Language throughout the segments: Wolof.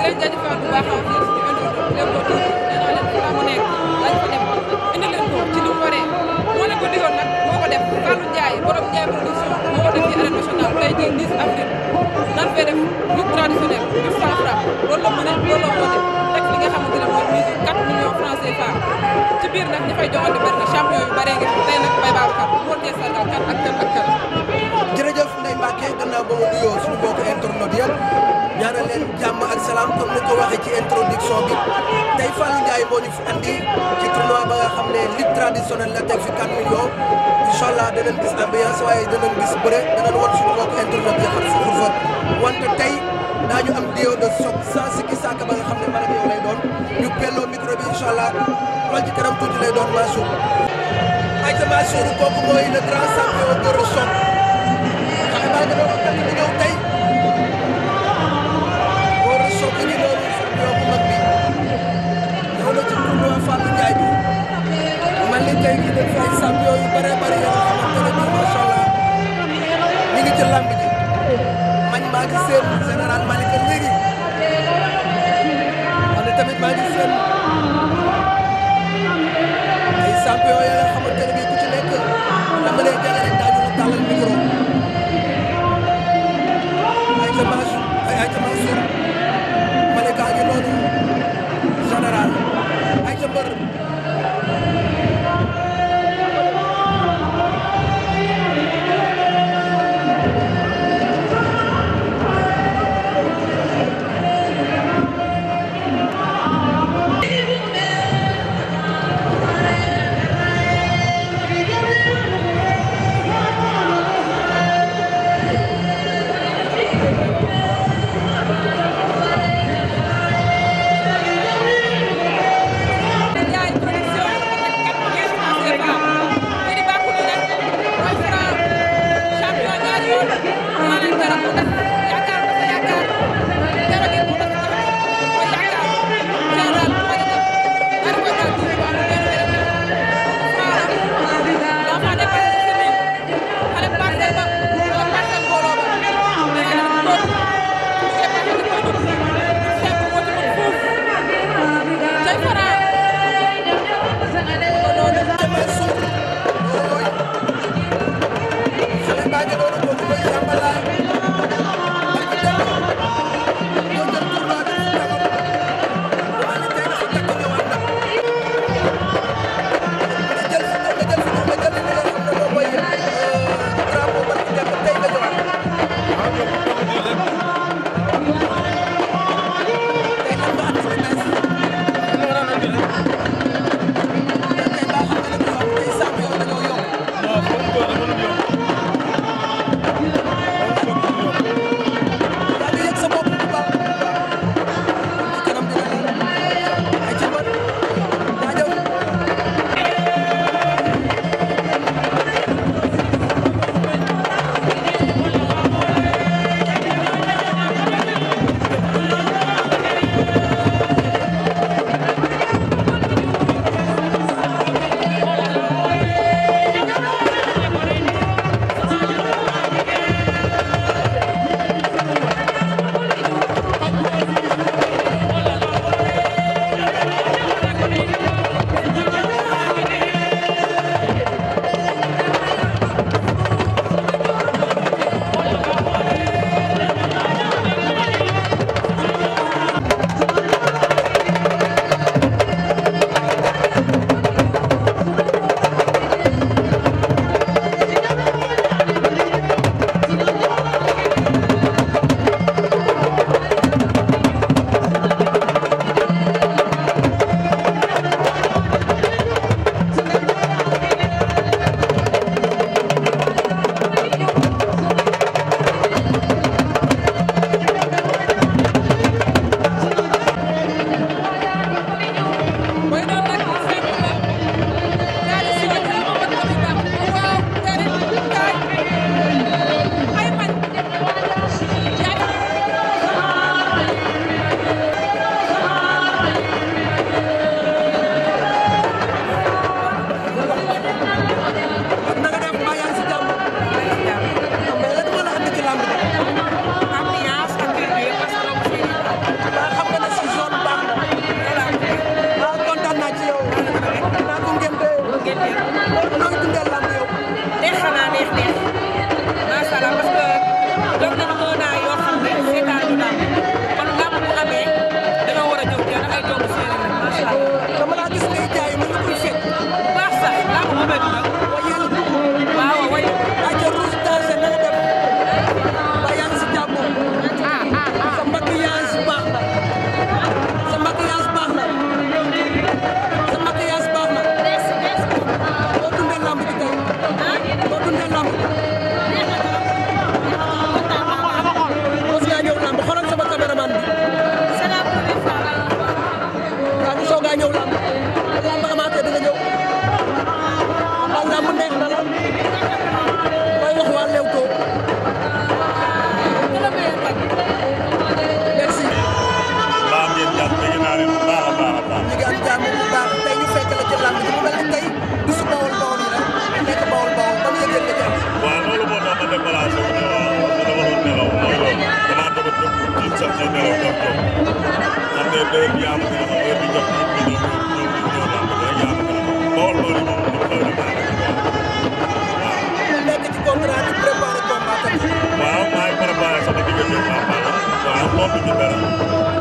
leen jaajëfal bu baax a baax di indi Leewtoo TV nee naa leen fu mu nekk lañ fa dem indi leen ko ci lu mu waree moo ko digoon nag moo ko def Fallou Ndiaye borom Ndiaye production moo ko def ci loolu la mën a loolu la li nga xamante ne mooy mise 4 ci biir nag ñi fay joxante bëri na champion yu bëree ngi tey nag Baye Babacar moo tee sargal kan ak kan ak kan Mbacke gannaaw ba ma nuyoo suñu mbokku internautes yëpp ñaanal leen jàmm ak salaam comme ni ko waxee ci introduction bi tey Fallou Ndiaye moo ñu fi andi ci tournoi ba nga xam ne lutte traditionnelle la teg fi 4 millions incha allah danañ gis ambiance waaye danañ gis bëre danañ wan suñu mbokku internautes yi xam si pour fa wante tey daañu am déo de choc sans sikki sàkk ba nga xam ne man ak yow lay doon ñu pelloo micro bi kooku mooy le grand champion Diarra nga doon takk di ñëw tey góor soog a ngi doon ñoo ko mag bi ñëw na ci tournoi Fallou Ndiaye bi man li tey jii dafa ay champion yu bëree bëri yoo xamante ne macha allah ñu ngi ci lamb ji man maa ngi seen général Malick léegi wala tamit maa ngi seen ay champion yoo xamante ne bii ku ci nekk dama lay jege rek daañu la tàllal micro.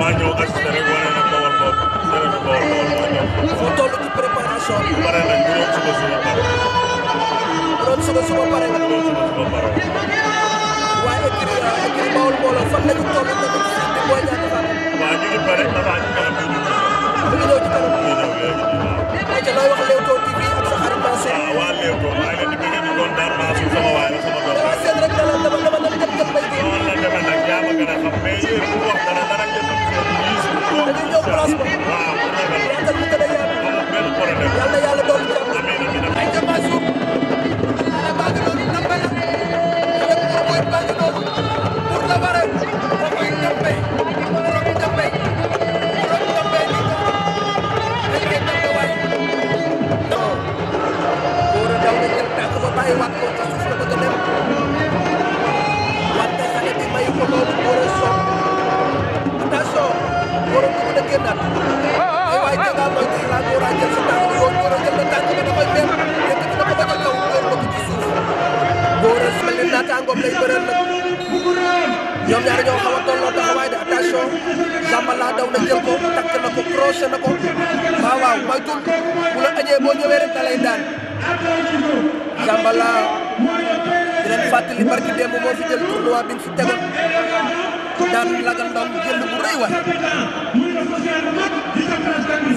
damaa ñëw assisté rek wane na Bawol bopp wane na Bawol Bawol moo ñëw. foo toll ci préparation bi. pare nañ bu doon suba suba pare. bu doon suba suba pare nga. bu doon suba suba pare. waaye écrit écrit Bawol Bawol fan la ñu toll tamit di Boy Niang Tapha Tine. waaw ñu ngi pare Tapha Tine kanam ñu ngi ñëw. ñu ngi ñëw ci kanam. ñu ngi ñëw léegi ñu ngi ñëw. ca looy wax Leewtoo TV ak sa xarit Mass Sène. waaw waa Leewtoo maa ngi leen di bëgg di kontaan maa suuf sama waay la sama doom. dama seet rek dama dama dama dama dama dama dama yaa ma gën a xam mais yéen bu wax dara dara ngeen doon gën a gis. waaw waaw benn problème. lay daan Zambala di leen fàttali barki démb moo fi jël tournoi bi ñu fi tegoon daan Laga Ndong jël bu rëy waay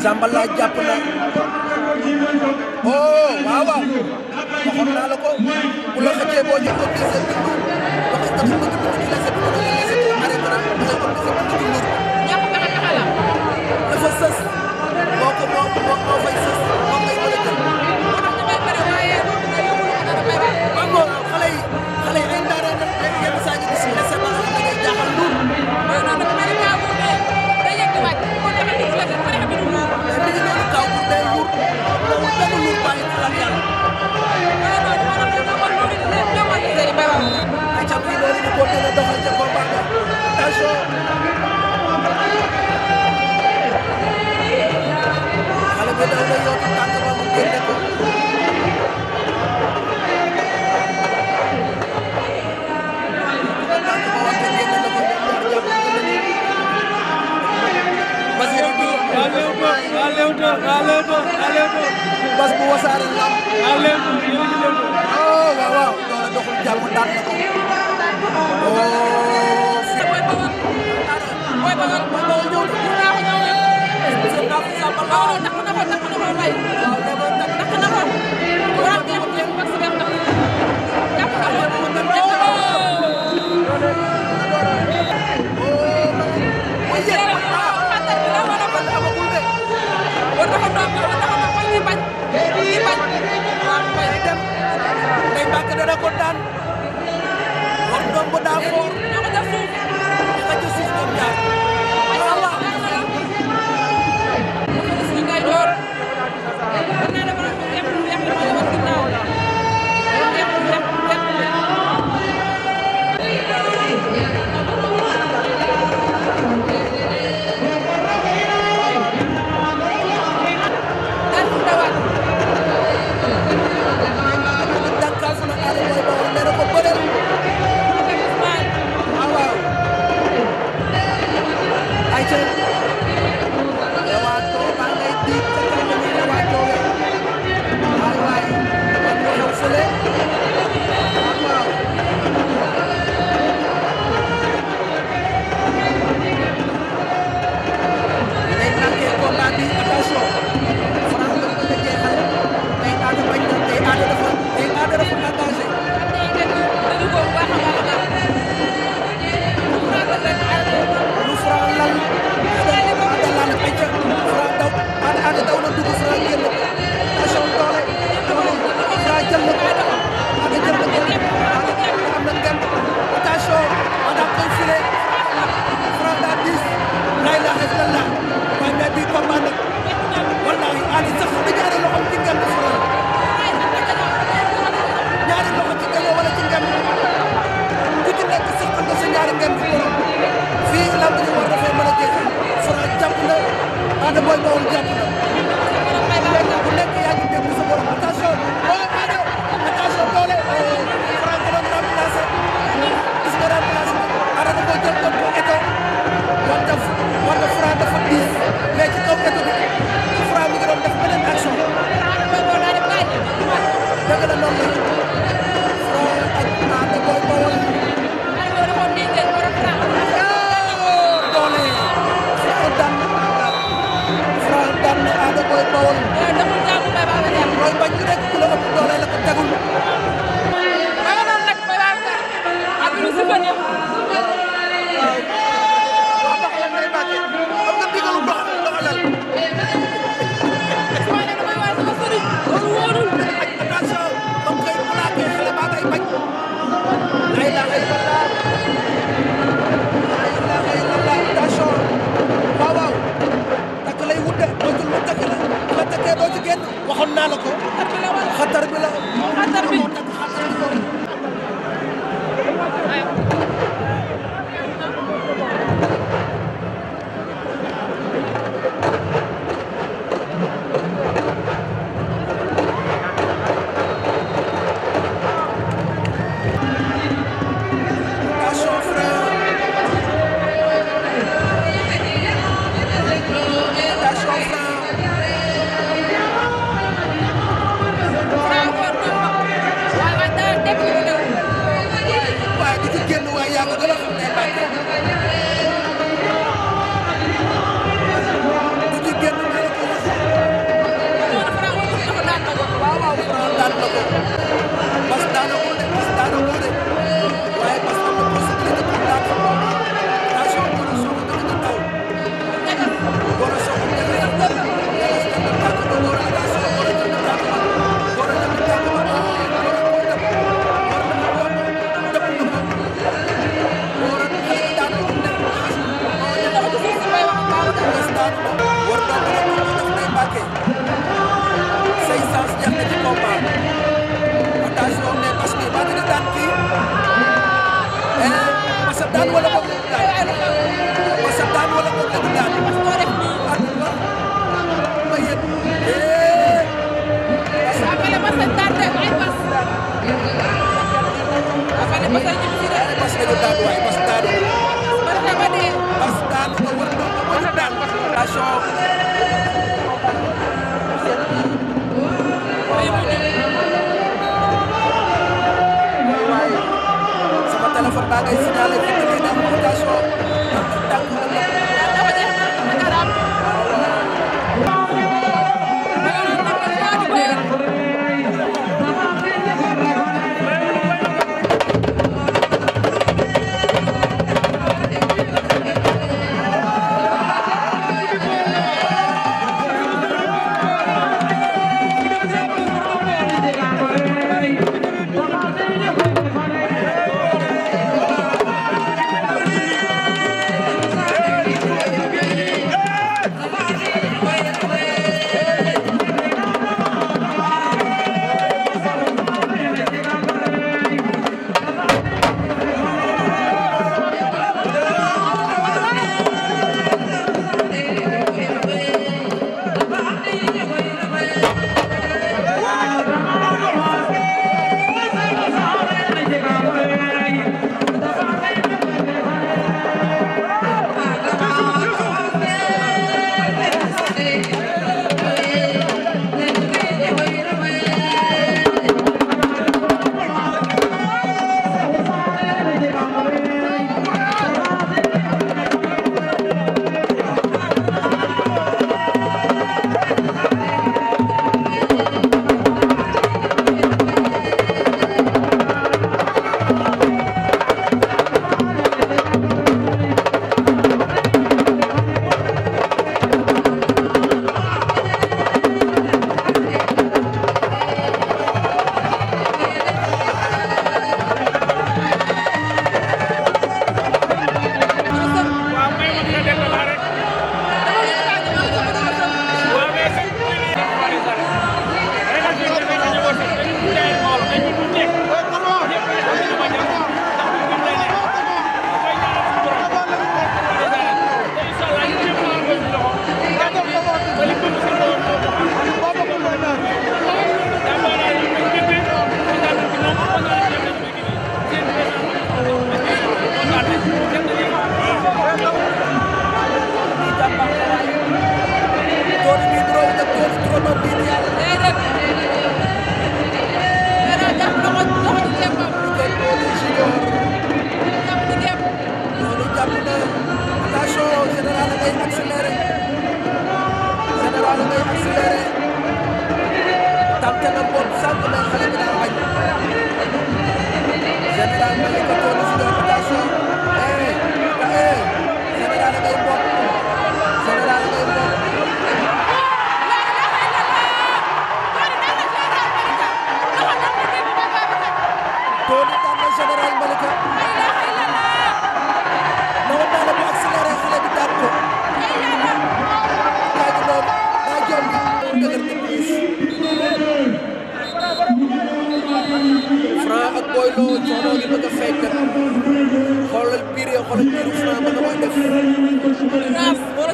Zambala jàpp na oh waaw Leewtoo waa Leewtoo waa Leewtoo. bas bu wasaare la. waa Leewtoo yéen a ngi Leewtoo. oh waaw waaw loolu doxul jàmm daan na ko. oh. mooy ba nga mooy ba nga ñëw. dana ko daan war ndombo daa foor ñoo ko ca suuf ko ca suuf ñoom ñaar ko daan waaye a daan. attention. waaye sama téléphone baa ngay signalé fii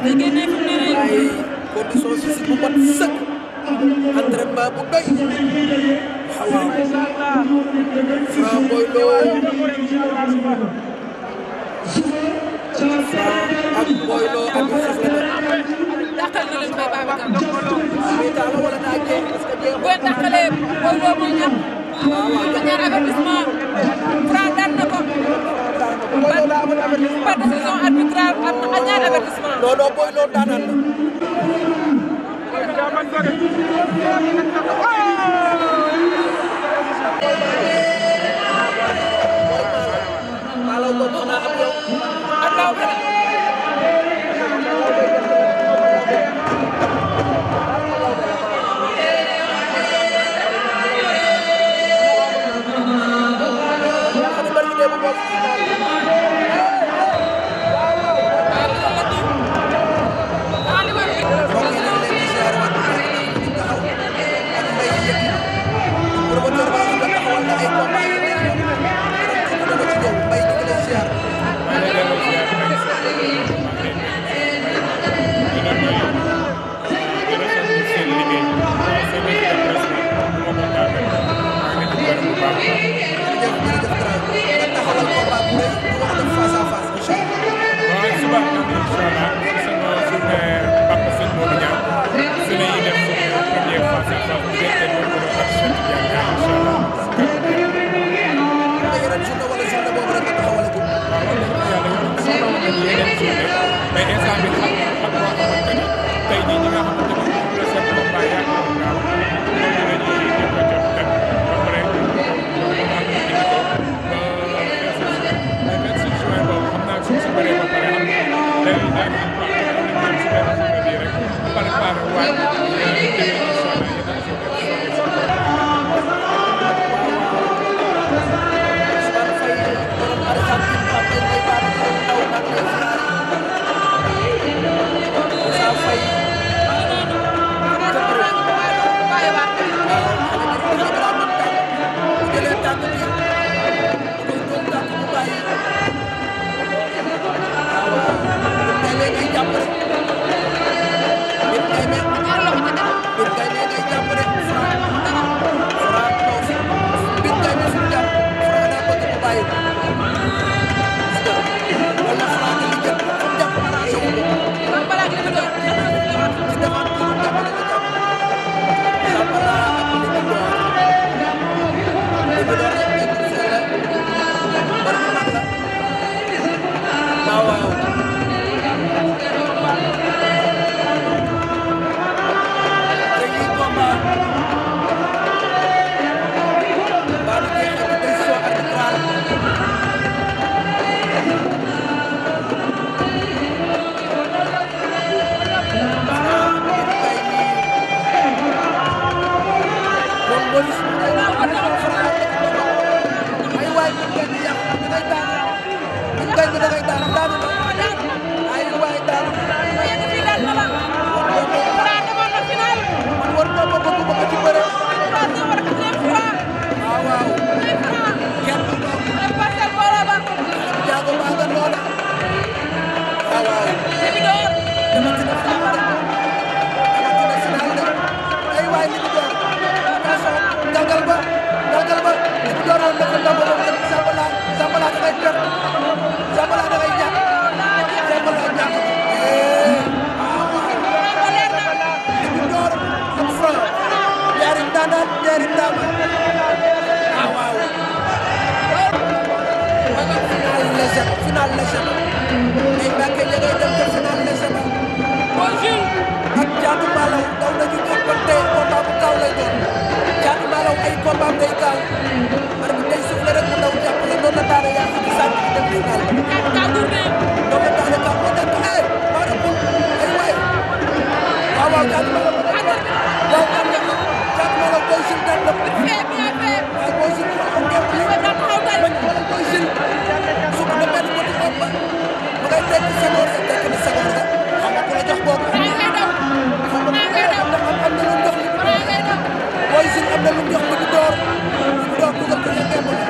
la koy génnee fi mu ne nii ay condition physique bu mat sëkk entraînement bu doy waaw waaw Franc Boy Lo ak Boy Lo ak dàqal na leen koy baax a baax wala daa jeex parce que boo dàqalee Boy Lo muy ñàkk waaw waaw avertissement par décision arbitraire am na ñaari avertissement. non non booy loolu daan naan Thank you. tey instant bi xam xam loo xamante ni tey jii ñi nga xamante ni moom la seen combat yàgg na gaaw ñoo ñu leen ñuy ñu ko jot teg ba pare am ñu indi ko ba le 26 juin boobu xam naa suuf si bëree ba pare am day daal di ñu wax rek préparer waaj am na lu jox ba du door du door dugal ko ca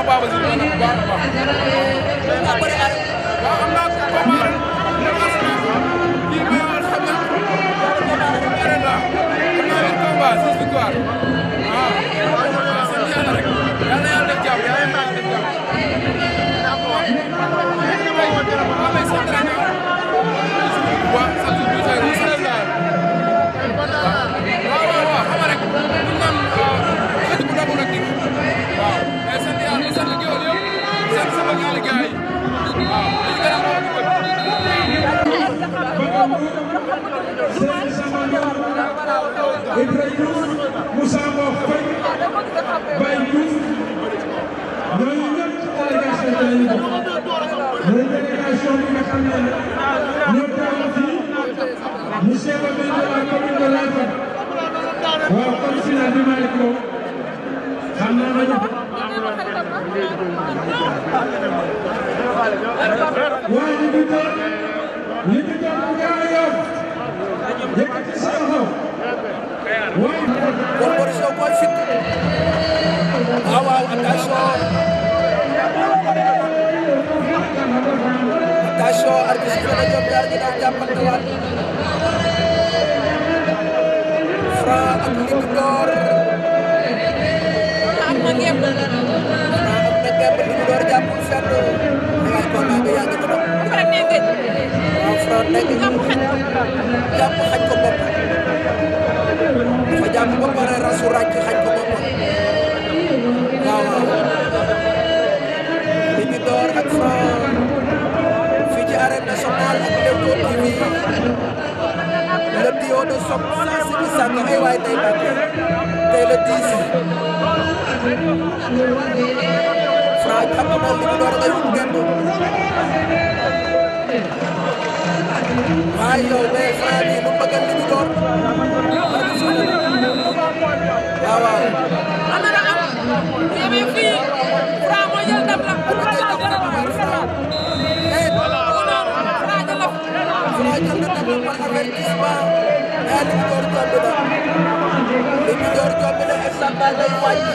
sama baba si mën na bu baax a baax. nga bëri at. waaw am naa ko combat ren. ndax askan bi lii may wax xam naa ko. ren laa am naa benn combat six victoire. waaw. waaw sant yàlla rek. yàlla yàlla def jàmm yàlla yàlla def jàmm. d' accord. kon Boris yow mooy fit waaw waaw attention attention arbitre bi na ñoom ñaar ñu daw jàppante waat Franc ak Lick Ndor bu door jàpp seetlu xalaat ko naa nga yàgg ci bopp. waaw Franc nekk jàpp xaj ko bopp. dafa xaj ko bopp. waaw li ñu door ak Franc fii ci arène nationale ak Leewtoo TV le bio de sopp sans si sànq ay waay tey bàkkee tey le 10. waaj xam nga moom li mu door a def démb waaye yow mais Franc bi mu bëgg li mu door waaw waaw am na am yéeme fii Franc moo jël ndam la Libidoor Diop bi la Moussa Mbaye lay wàññi